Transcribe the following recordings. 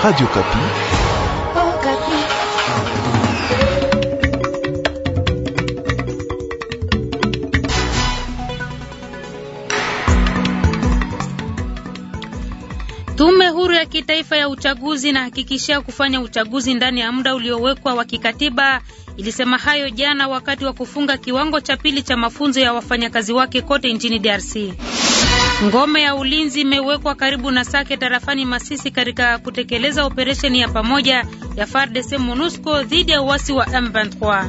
Radio Kapi. Oh, Kapi. Tume huru ya kitaifa ya uchaguzi inahakikishia kufanya uchaguzi ndani ya muda uliowekwa wa kikatiba. Ilisema hayo jana wakati wa kufunga kiwango cha pili cha mafunzo ya wafanyakazi wake kote nchini DRC. Ngome ya ulinzi imewekwa karibu na Sake tarafani Masisi katika kutekeleza operesheni ya pamoja ya FARDC MONUSCO dhidi ya uasi wa M23.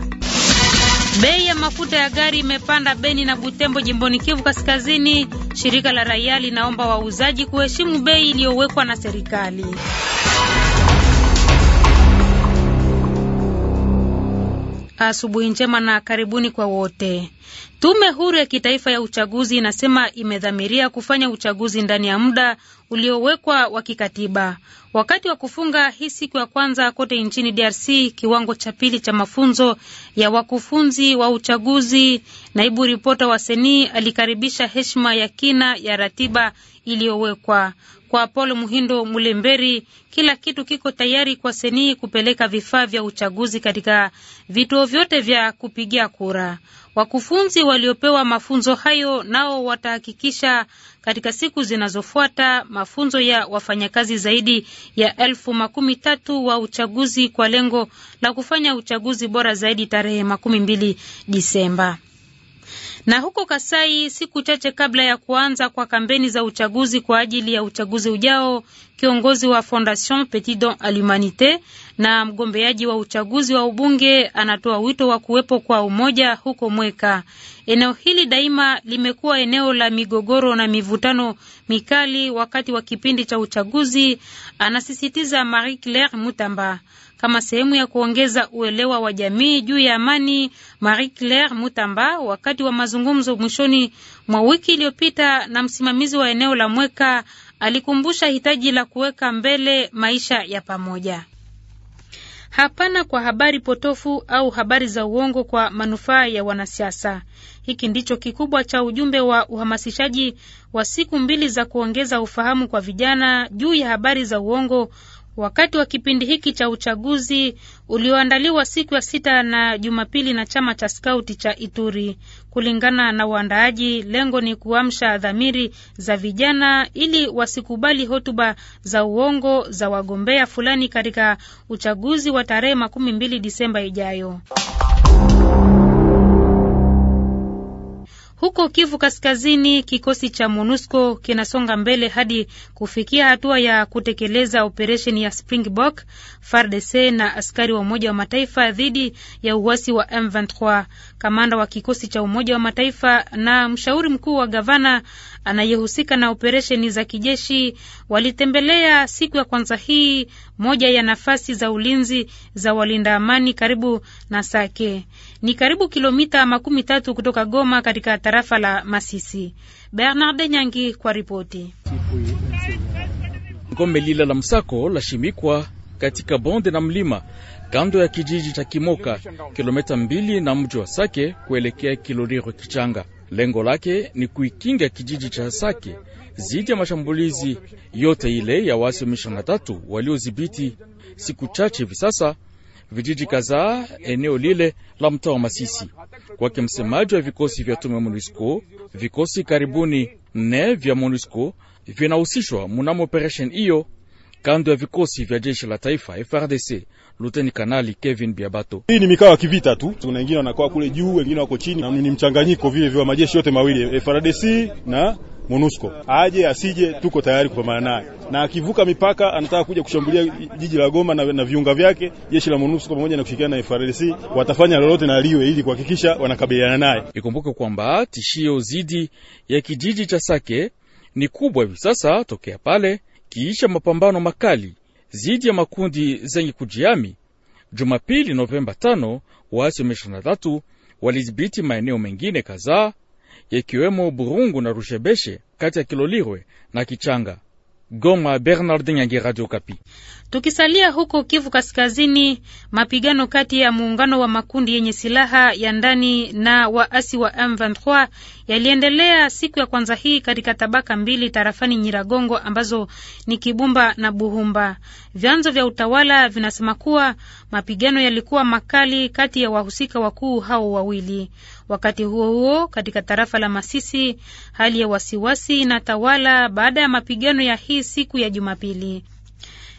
Bei ya mafuta ya gari imepanda Beni na Butembo jimboni Kivu Kaskazini. Shirika la raia linaomba wauzaji kuheshimu bei iliyowekwa na serikali. Asubuhi njema na karibuni kwa wote. Tume huru ya kitaifa ya uchaguzi inasema imedhamiria kufanya uchaguzi ndani ya muda uliowekwa wa kikatiba. Wakati wa kufunga hii siku ya kwanza kote nchini DRC kiwango cha pili cha mafunzo ya wakufunzi wa uchaguzi, naibu ripota wa Seni alikaribisha heshima ya kina ya ratiba iliyowekwa. Kwa Apolo Muhindo Mulemberi, kila kitu kiko tayari kwa Senii kupeleka vifaa vya uchaguzi katika vituo vyote vya kupigia kura. Wakufunzi waliopewa mafunzo hayo nao watahakikisha katika siku zinazofuata mafunzo ya wafanyakazi zaidi ya elfu makumi tatu wa uchaguzi kwa lengo la kufanya uchaguzi bora zaidi tarehe makumi mbili Disemba. Na huko Kasai, siku chache kabla ya kuanza kwa kampeni za uchaguzi kwa ajili ya uchaguzi ujao, kiongozi wa Fondation Petit Don a l'Humanite na mgombeaji wa uchaguzi wa ubunge anatoa wito wa kuwepo kwa umoja huko Mweka. Eneo hili daima limekuwa eneo la migogoro na mivutano mikali wakati wa kipindi cha uchaguzi, anasisitiza Marie Claire Mutamba kama sehemu ya kuongeza uelewa wa jamii juu ya amani. Marie Claire Mutamba, wakati wa mazungumzo mwishoni mwa wiki iliyopita na msimamizi wa eneo la Mweka, alikumbusha hitaji la kuweka mbele maisha ya pamoja. Hapana kwa habari potofu au habari za uongo kwa manufaa ya wanasiasa. Hiki ndicho kikubwa cha ujumbe wa uhamasishaji wa siku mbili za kuongeza ufahamu kwa vijana juu ya habari za uongo wakati wa kipindi hiki cha uchaguzi ulioandaliwa siku ya sita na Jumapili na chama cha skauti cha Ituri. Kulingana na uandaaji lengo ni kuamsha dhamiri za vijana ili wasikubali hotuba za uongo za wagombea fulani katika uchaguzi wa tarehe makumi mbili Disemba ijayo. Huko Kivu Kaskazini, kikosi cha MONUSCO kinasonga mbele hadi kufikia hatua ya kutekeleza operesheni ya Springbok, FARDC na askari wa Umoja wa Mataifa dhidi ya uwasi wa M23. Kamanda wa kikosi cha Umoja wa Mataifa na mshauri mkuu wa gavana anayehusika na operesheni za kijeshi walitembelea siku ya kwanza hii moja ya nafasi za ulinzi za walinda amani karibu na Sake, ni karibu kilomita makumi tatu kutoka Goma katika tarafa la Masisi. Bernard Nyangi kwa ripoti. Ngome lila la msako lashimikwa katika bonde na mlima kando ya kijiji cha Kimoka, kilomita mbili na mji wa Sake kuelekea Kiloliro Kichanga. Lengo lake ni kuikinga kijiji cha Sake zidi ya mashambulizi yote ile ya waasi wa M23 waliodhibiti siku chache hivi sasa vijiji kadhaa eneo lile la mtaa wa Masisi. Kwake msemaji wa vikosi vya tume MONUSCO, vikosi karibuni nne vya MONUSCO vinahusishwa mnamo operesheni hiyo kando ya vikosi vya jeshi la taifa FRDC. Luteni Kanali Kevin Biabato: hii ni mikao ya kivita tu, kuna wengine wanakaa kule juu, wengine wako chini, na ni mchanganyiko vile vile wa majeshi yote mawili FRDC na MONUSCO. Aje asije, tuko tayari kupambana naye, na akivuka mipaka anataka kuja kushambulia jiji la Goma na, na viunga vyake, jeshi la MONUSCO pamoja na kushirikiana na FARDC watafanya lolote na liwe ili kuhakikisha wanakabiliana naye. Ikumbuke kwamba tishio zidi ya kijiji cha Sake ni kubwa hivi sasa tokea pale kiisha mapambano makali zidi ya makundi zenye kujiami. Jumapili Novemba 5 waasi wa M23 walidhibiti maeneo mengine kadhaa yakiwemo Burungu na Rushebeshe kati ya Kilolirwe na Kichanga. Goma, Bernardin Yangi, Radio Kapi. Tukisalia huko Kivu Kaskazini, mapigano kati ya muungano wa makundi yenye silaha ya ndani na waasi wa M23 yaliendelea siku ya kwanza hii katika tabaka mbili tarafani Nyiragongo ambazo ni Kibumba na Buhumba. Vyanzo vya utawala vinasema kuwa mapigano yalikuwa makali kati ya wahusika wakuu hao wawili. Wakati huo huo, katika tarafa la Masisi, hali ya wasiwasi inatawala baada ya mapigano ya hii siku ya Jumapili.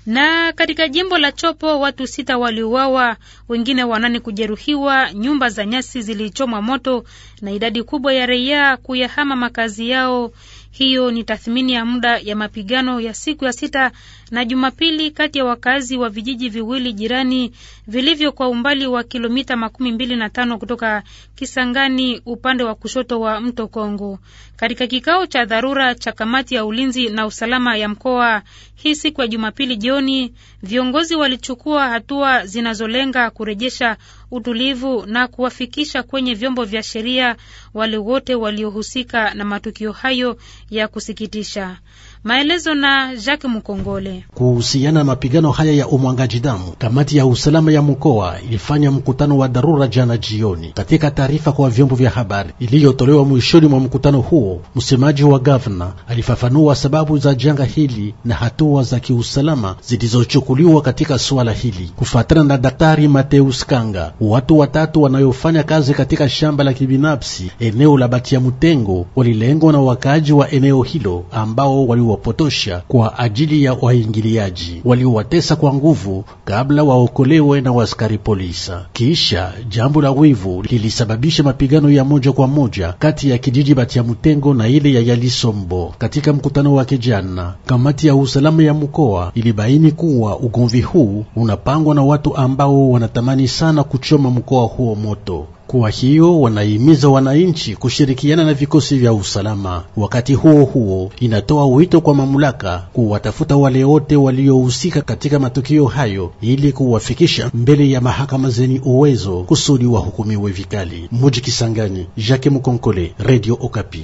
Na katika jimbo la Chopo watu sita waliuawa, wengine wanane kujeruhiwa, nyumba za nyasi zilichomwa moto na idadi kubwa ya raia kuyahama makazi yao. Hiyo ni tathmini ya muda ya mapigano ya siku ya sita na Jumapili kati ya wakazi wa vijiji viwili jirani vilivyo kwa umbali wa kilomita makumi mbili na tano kutoka Kisangani upande wa kushoto wa mto Kongo. Katika kikao cha dharura cha kamati ya ulinzi na usalama ya mkoa hii siku ya Jumapili jioni, viongozi walichukua hatua zinazolenga kurejesha utulivu na kuwafikisha kwenye vyombo vya sheria wale wote waliohusika na matukio hayo ya kusikitisha. Maelezo na Jacques Mukongole. Kuhusiana na mapigano haya ya umwangaji damu, kamati ya usalama ya mkoa ilifanya mkutano wa dharura jana jioni. Katika taarifa kwa vyombo vya habari iliyotolewa mwishoni mwa mkutano huo, msemaji wa gavana alifafanua sababu za janga hili na hatua za kiusalama zilizochukuliwa katika suala hili. Kufuatana na Daktari Mateus Kanga, watu watatu wanayofanya kazi katika shamba la kibinafsi eneo la Batia Mutengo walilengwa na wakaaji wa eneo hilo ambao wali waliwapotosha kwa ajili ya waingiliaji waliowatesa kwa nguvu kabla waokolewe na waskari polisa. Kisha jambo la wivu lilisababisha mapigano ya moja kwa moja kati ya kijiji mutengo na ile ya Yalisombo. Katika mkutano wa kijana, kamati ya usalama ya mkoa ilibaini kuwa ugomvi huu unapangwa na watu ambao wanatamani sana kuchoma mkoa huo moto. Kwa hiyo wanahimiza wananchi kushirikiana na vikosi vya usalama. Wakati huo huo, inatoa wito kwa mamlaka kuwatafuta wale wote waliohusika katika matukio hayo ili kuwafikisha mbele ya mahakama zenye uwezo kusudi wahukumiwe vikali. Muji Kisangani, Jacques Mukonkole, Radio Okapi.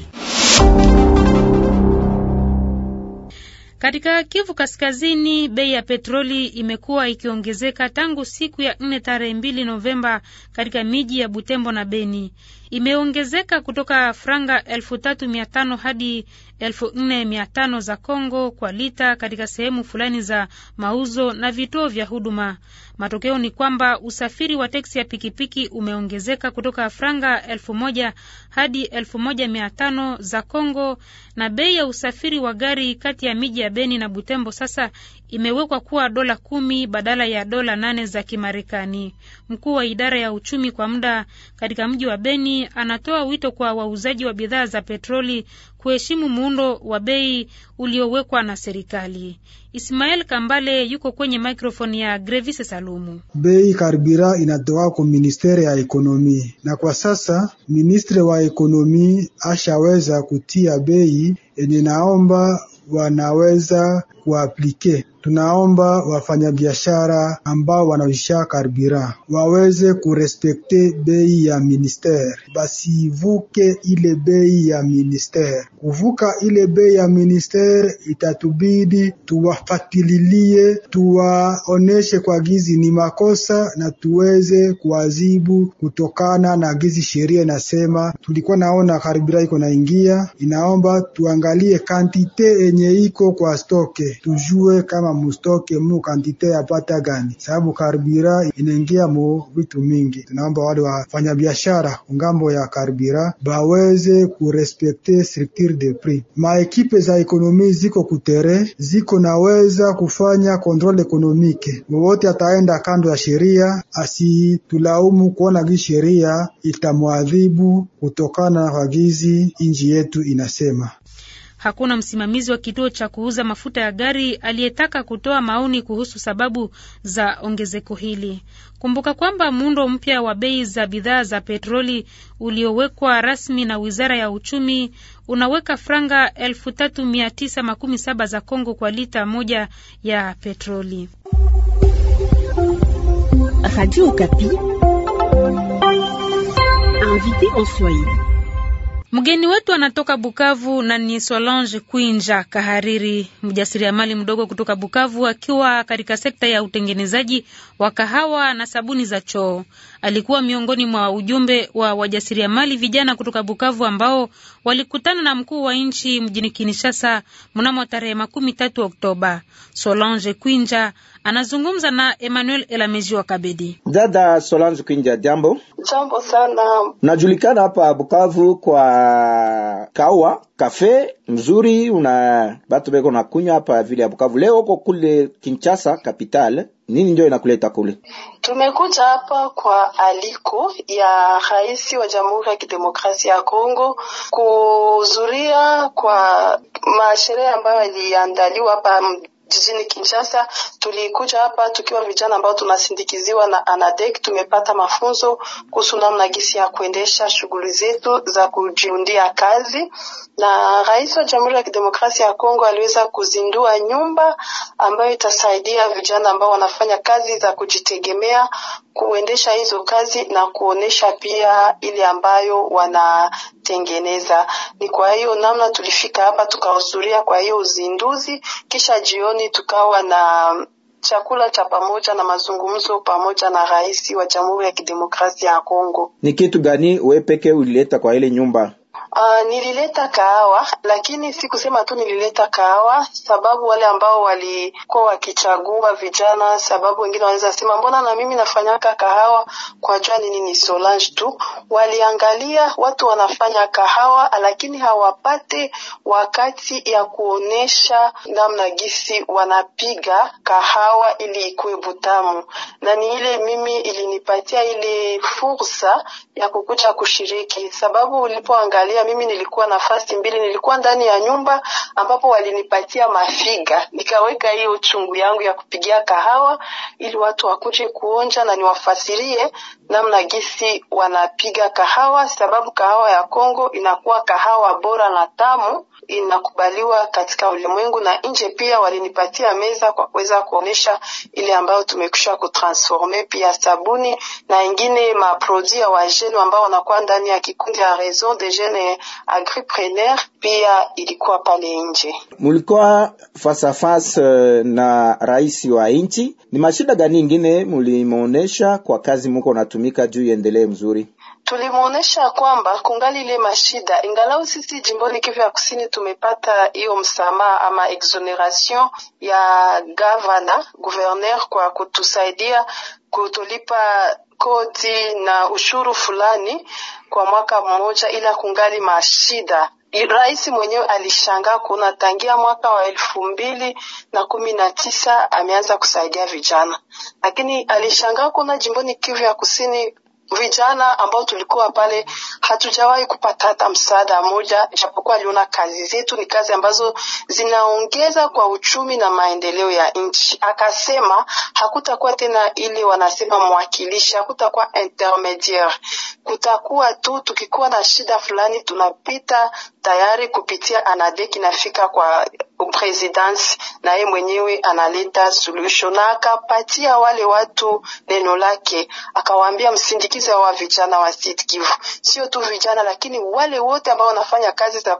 Katika Kivu Kaskazini, bei ya petroli imekuwa ikiongezeka tangu siku ya nne tarehe mbili Novemba katika miji ya Butembo na Beni imeongezeka kutoka franga 3500 hadi 4500 za Kongo kwa lita katika sehemu fulani za mauzo na vituo vya huduma. Matokeo ni kwamba usafiri wa teksi ya pikipiki umeongezeka kutoka franga 1000 hadi 1500 za Kongo na bei ya usafiri wa gari kati ya miji ya Beni na Butembo sasa imewekwa kuwa dola kumi badala ya dola nane za Kimarekani. Mkuu wa idara ya uchumi kwa muda katika mji wa Beni anatoa wito kwa wauzaji wa bidhaa za petroli kuheshimu muundo wa bei uliowekwa na serikali. Ismael Kambale yuko kwenye mikrofoni ya Grevise Salumu. Bei karibira inatoa kwa ministeri ya ekonomi, na kwa sasa ministri wa ekonomi ashaweza kutia bei yenye, naomba wanaweza kuaplike Tunaomba wafanyabiashara ambao wanaisha karbira waweze kurespekte bei ya basi basivuke ile bei ya ministeri. Kuvuka ile bei ya ministeri itatubidi tuwafatililie, tuwaoneshe kwa gizi ni makosa na tuweze kuwazibu kutokana na gizi sheria inasema. Tulikuwa naona karbira iko naingia, inaomba tuangalie kantite yenye iko kwa stoke, tujue kama mustoke mu kantite ya pata gani, sababu karbira inaingia mu vitu mingi. Tunaomba wale wafanyabiashara ngambo ya karbira baweze kurespekte structure de prix. Maekipe za ekonomi ziko kutere, ziko naweza kufanya kontrol ekonomike. Wowote ataenda kando ya sheria, asitulaumu kuona gi sheria itamwadhibu kutokana na wagizi inji yetu inasema. Hakuna msimamizi wa kituo cha kuuza mafuta ya gari aliyetaka kutoa maoni kuhusu sababu za ongezeko hili. Kumbuka kwamba muundo mpya wa bei za bidhaa za petroli uliowekwa rasmi na Wizara ya Uchumi unaweka franga 3917 za Kongo kwa lita moja ya petroli. Radio Okapi. Mgeni wetu anatoka Bukavu na ni Solange Kwinja Kahariri, mjasiriamali mdogo kutoka Bukavu, akiwa katika sekta ya utengenezaji wa kahawa na sabuni za choo alikuwa miongoni mwa ujumbe wa wajasiriamali vijana kutoka Bukavu ambao walikutana na mkuu wa nchi mjini Kinshasa mnamo tarehe makumi tatu Oktoba. Solange Kwinja anazungumza na Emmanuel Elamezi wa Kabedi. Dada Solange Kwinja, jambo. Jambo sana. Unajulikana hapa Bukavu kwa kawa kafe mzuri, una batu beko kunywa hapa vile ya Bukavu. Leo uko kule Kinshasa kapital nini ndio inakuleta kule? Tumekuja hapa kwa aliko ya rais wa Jamhuri ya Kidemokrasia ya Kongo kuzuria kwa masherehe ambayo yaliandaliwa hapa jijini Kinshasa. Tulikuja hapa tukiwa vijana ambao tunasindikiziwa na ANADEC. Tumepata mafunzo kuhusu namna gisi ya kuendesha shughuli zetu za kujiundia kazi, na Rais wa Jamhuri ya Kidemokrasia ya Kongo aliweza kuzindua nyumba ambayo itasaidia vijana ambao wanafanya kazi za kujitegemea kuendesha hizo kazi na kuonesha pia ile ambayo wana kutengeneza. Ni kwa hiyo namna tulifika hapa tukahudhuria kwa hiyo uzinduzi, kisha jioni tukawa na chakula cha pamoja na mazungumzo pamoja na rais wa Jamhuri ya Kidemokrasia ya Kongo. Ni kitu gani wewe pekee ulileta kwa ile nyumba? Uh, nilileta kahawa lakini si kusema tu nilileta kahawa, sababu wale ambao walikuwa wakichagua vijana, sababu wengine wanaweza sema mbona na mimi nafanyaka kahawa, kwa jua nini ni Solange tu. Waliangalia watu wanafanya kahawa, lakini hawapate wakati ya kuonesha namna gisi wanapiga kahawa ili ikuwe butamu, na ni ile mimi ilinipatia ile fursa ya kukuja kushiriki, sababu ulipoangalia mimi nilikuwa nafasi mbili, nilikuwa ndani ya nyumba ambapo walinipatia mafiga, nikaweka hiyo chungu yangu ya kupigia kahawa ili watu wakuje kuonja na niwafasirie namna gisi wanapiga kahawa, sababu kahawa ya Kongo inakuwa kahawa bora na tamu, inakubaliwa katika ulimwengu na nje. Pia walinipatia meza kwa kuweza kuonesha ile ambayo tumekusha kutransforme, pia sabuni na ingine maproduit ya wajene ambao wanakuwa ndani ya kikundi ya Raison de Jeunes Agripreneur, pia ilikuwa pale nje. Mulikuwa face eh, na rais wa nchi, ni mashida gani ingine mulimwonesha kwa kazi muko natumika juu iendelee mzuri? Tulimwonyesha kwamba kungali ile mashida, ingalau sisi jimboni Kivu ya Kusini tumepata hiyo msamaha ama exoneration ya gavana gouverneur kwa kutusaidia kutolipa kodi na ushuru fulani kwa mwaka mmoja, ila kungali mashida Rais mwenyewe alishangaa kuna tangia mwaka wa elfu mbili na kumi na tisa ameanza kusaidia vijana, lakini alishangaa kuna jimboni Kivu ya Kusini vijana ambao tulikuwa pale hatujawahi kupata hata msaada moja, japokuwa aliona kazi zetu ni kazi ambazo zinaongeza kwa uchumi na maendeleo ya nchi. Akasema hakutakuwa tena ili wanasema mwakilishi, hakutakuwa intermediaire, kutakuwa tu tukikuwa na shida fulani tunapita tayari kupitia anadeki nafika kwa upresidensi naye mwenyewe analeta solution na akapatia wale watu neno lake, akawaambia msindikize wa vijana wa Sud Kivu, sio tu vijana, lakini wale wote ambao wanafanya kazi za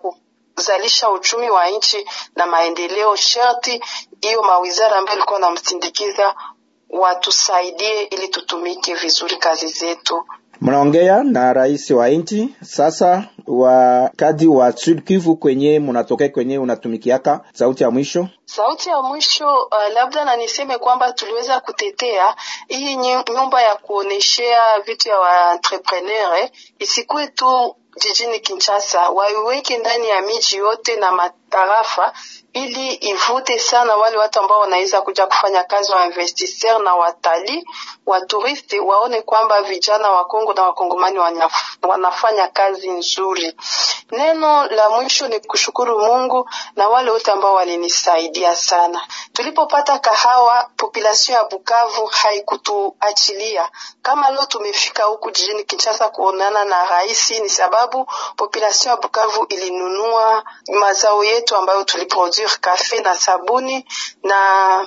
kuzalisha uchumi wa nchi na maendeleo. Sharti hiyo mawizara ambayo ilikuwa namsindikiza watusaidie ili tutumike vizuri kazi zetu. Mnaongea na rais wa nchi sasa, wakati wa Sud Kivu kwenye munatokea kwenye unatumikiaka, sauti ya mwisho sauti ya mwisho uh, labda na niseme kwamba tuliweza kutetea hii nyumba ya kuoneshea vitu ya waentrepreneur eh, isikuwe tu jijini Kinshasa, waiweke ndani ya miji yote na matarafa ili ivute sana wale watu ambao wanaweza kuja kufanya kazi wa investisseur na watalii wa turisti, waone kwamba vijana wa Kongo na wakongomani wanafanya kazi nzuri. Neno la mwisho ni kushukuru Mungu na wale wote ambao walinisaidia sana. Tulipopata kahawa, population ya Bukavu haikutuachilia. Kama leo tumefika huku jijini Kinshasa kuonana na rais, ni sababu population ya Bukavu ilinunua mazao yetu ambayo tuliproduire kuouvrir kafe na sabuni na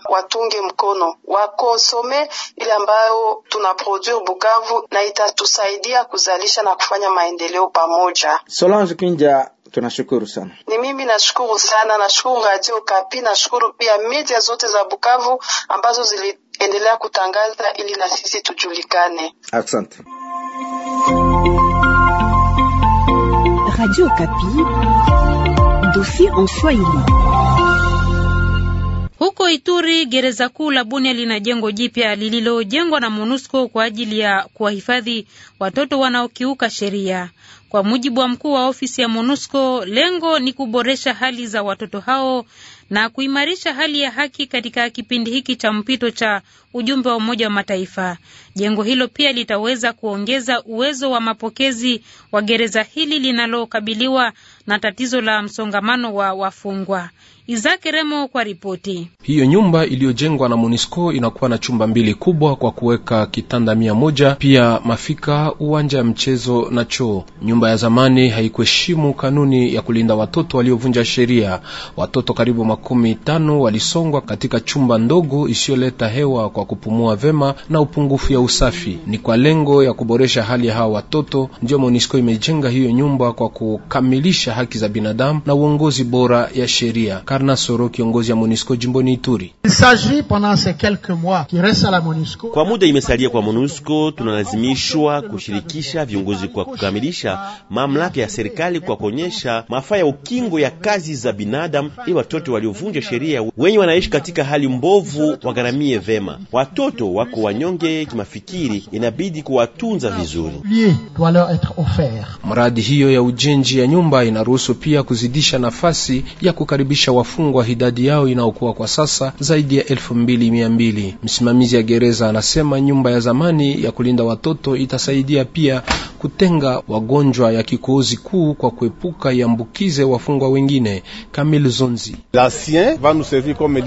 watunge mkono wakonsome ile ambayo tunaproduire Bukavu, na itatusaidia kuzalisha na kufanya maendeleo pamoja. Solange Kinja, tunashukuru sana. Ni mimi nashukuru sana, nashukuru Radio Kapi, nashukuru pia media zote za Bukavu ambazo ziliendelea kutangaza ili na sisi tujulikane. Asante. Radio Kapi, dossier en Swahili. Huko Ituri, gereza kuu la Bunia lina jengo jipya lililojengwa na MONUSCO kwa ajili ya kuwahifadhi watoto wanaokiuka sheria. Kwa mujibu wa mkuu wa ofisi ya MONUSCO, lengo ni kuboresha hali za watoto hao na kuimarisha hali ya haki katika kipindi hiki cha mpito cha ujumbe wa Umoja wa Mataifa. Jengo hilo pia litaweza kuongeza uwezo wa mapokezi wa gereza hili linalokabiliwa na tatizo la msongamano wa wafungwa. Isaac Remo kwa ripoti hiyo. Nyumba iliyojengwa na MONUSCO inakuwa na chumba mbili kubwa kwa kuweka kitanda mia moja, pia mafika, uwanja ya mchezo na choo. Nyumba ya zamani haikuheshimu kanuni ya kulinda watoto waliovunja sheria. Watoto karibu makumi tano walisongwa katika chumba ndogo isiyoleta hewa kwa kupumua vema na upungufu ya usafi. Ni kwa lengo ya kuboresha hali ya hawa watoto ndio MONUSCO imejenga hiyo nyumba kwa kukamilisha haki za binadamu na uongozi bora ya sheria. Karna Soro, kiongozi ya MONUSCO jimboni Ituri: kwa muda imesalia kwa MONUSCO, tunalazimishwa kushirikisha viongozi kwa kukamilisha mamlaka ya serikali kwa kuonyesha mafaa ya ukingo ya kazi za binadamu ili watoto walio waliovunja sheria, wenye wanaishi katika hali mbovu wagharamie vema. Watoto wako wanyonge kimafikiri, inabidi kuwatunza vizuri. Mradi hiyo ya ujenzi ya nyumba inaruhusu pia kuzidisha nafasi ya kukaribisha wafungwa, idadi yao inaokuwa kwa sasa zaidi ya elfu mbili mia mbili. Msimamizi ya gereza anasema nyumba ya zamani ya kulinda watoto itasaidia pia kutenga wagonjwa ya kikohozi kuu kwa kuepuka yambukize wafungwa wengine. Kamil Zonzi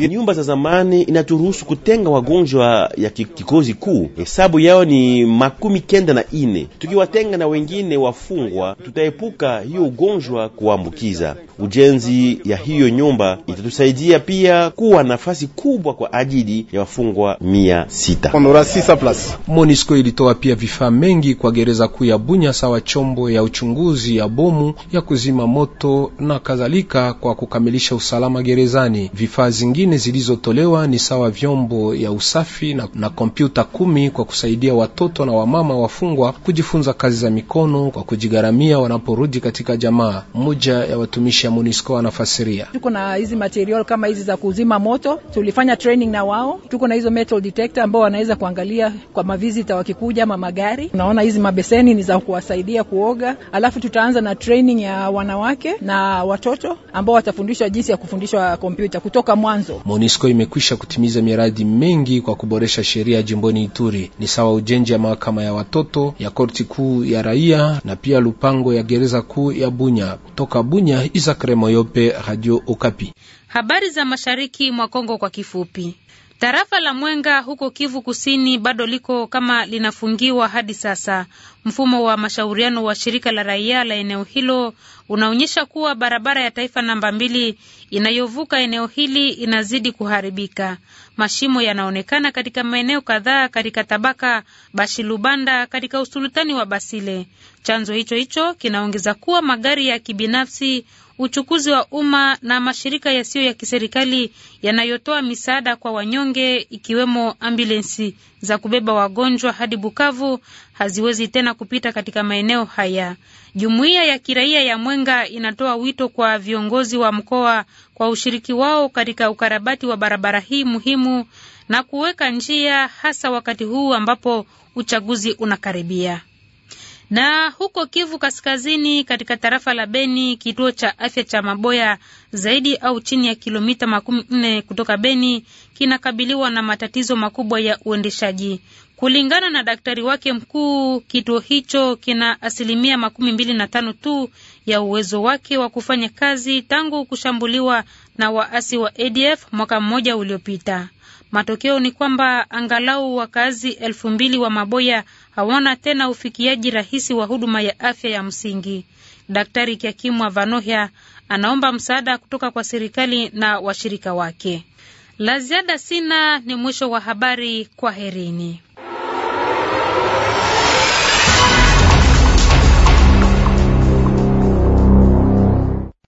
nyumba za zamani inaturuhusu kutenga wagonjwa ya kikohozi kuu, hesabu yao ni makumi kenda na ine. Tukiwatenga na wengine wafungwa, tutaepuka hiyo ugonjwa kuambukiza. Ujenzi ya hiyo nyumba itatusaidia pia kuwa nafasi kubwa kwa ajili ya wafungwa mia sita. ilitoa pia vifaa mengi kwa gereza kuu ya bunya sawa chombo ya uchunguzi ya bomu ya kuzima moto na kadhalika kwa kukamilisha usalama gerezani. Vifaa zingine zilizotolewa ni sawa vyombo ya usafi na, na kompyuta kumi kwa kusaidia watoto na wamama wafungwa kujifunza kazi za mikono kwa kujigharamia wanaporudi katika jamaa. Mmoja ya watumishi ya MONUSCO anafasiria: tuko na hizi material kama hizi za kuzima moto, tulifanya training na wao. Tuko na hizo metal detector ambao wanaweza kuangalia kwa mavizita wakikuja ama magari. Unaona hizi mabeseni ni za za kuwasaidia kuoga, alafu tutaanza na training ya wanawake na watoto ambao watafundishwa jinsi ya kufundishwa kompyuta kutoka mwanzo. monisco imekwisha kutimiza miradi mengi kwa kuboresha sheria jimboni Ituri, ni sawa ujenzi ya mahakama ya watoto ya korti kuu ya raia na pia lupango ya gereza kuu ya Bunya. Toka Bunya, Isaac Remoyope, Radio Okapi. Habari za mashariki mwa Kongo kwa kifupi. Tarafa la Mwenga huko Kivu Kusini bado liko kama linafungiwa hadi sasa. Mfumo wa mashauriano wa shirika la raia la eneo hilo unaonyesha kuwa barabara ya taifa namba mbili inayovuka eneo hili inazidi kuharibika. Mashimo yanaonekana katika maeneo kadhaa katika tabaka Bashilubanda katika usultani wa Basile. Chanzo hicho hicho kinaongeza kuwa magari ya kibinafsi, uchukuzi wa umma na mashirika yasiyo ya kiserikali yanayotoa misaada kwa wanyonge, ikiwemo ambulensi za kubeba wagonjwa hadi Bukavu, haziwezi tena kupita katika maeneo haya. Jumuiya ya kiraia ya Mwenga inatoa wito kwa viongozi wa mkoa kwa ushiriki wao katika ukarabati wa barabara hii muhimu na kuweka njia, hasa wakati huu ambapo uchaguzi unakaribia. Na huko Kivu Kaskazini, katika tarafa la Beni, kituo cha afya cha Maboya, zaidi au chini ya kilomita makumi nne kutoka Beni, kinakabiliwa na matatizo makubwa ya uendeshaji. Kulingana na daktari wake mkuu, kituo hicho kina asilimia makumi mbili na tano tu ya uwezo wake wa kufanya kazi tangu kushambuliwa na waasi wa ADF mwaka mmoja uliopita. Matokeo ni kwamba angalau wakazi elfu mbili wa Maboya hawana tena ufikiaji rahisi wa huduma ya afya ya msingi. Daktari kiakimwa Vanohya anaomba msaada kutoka kwa serikali na washirika wake. La ziada sina. Ni mwisho wa habari. Kwaherini.